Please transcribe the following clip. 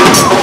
Oh,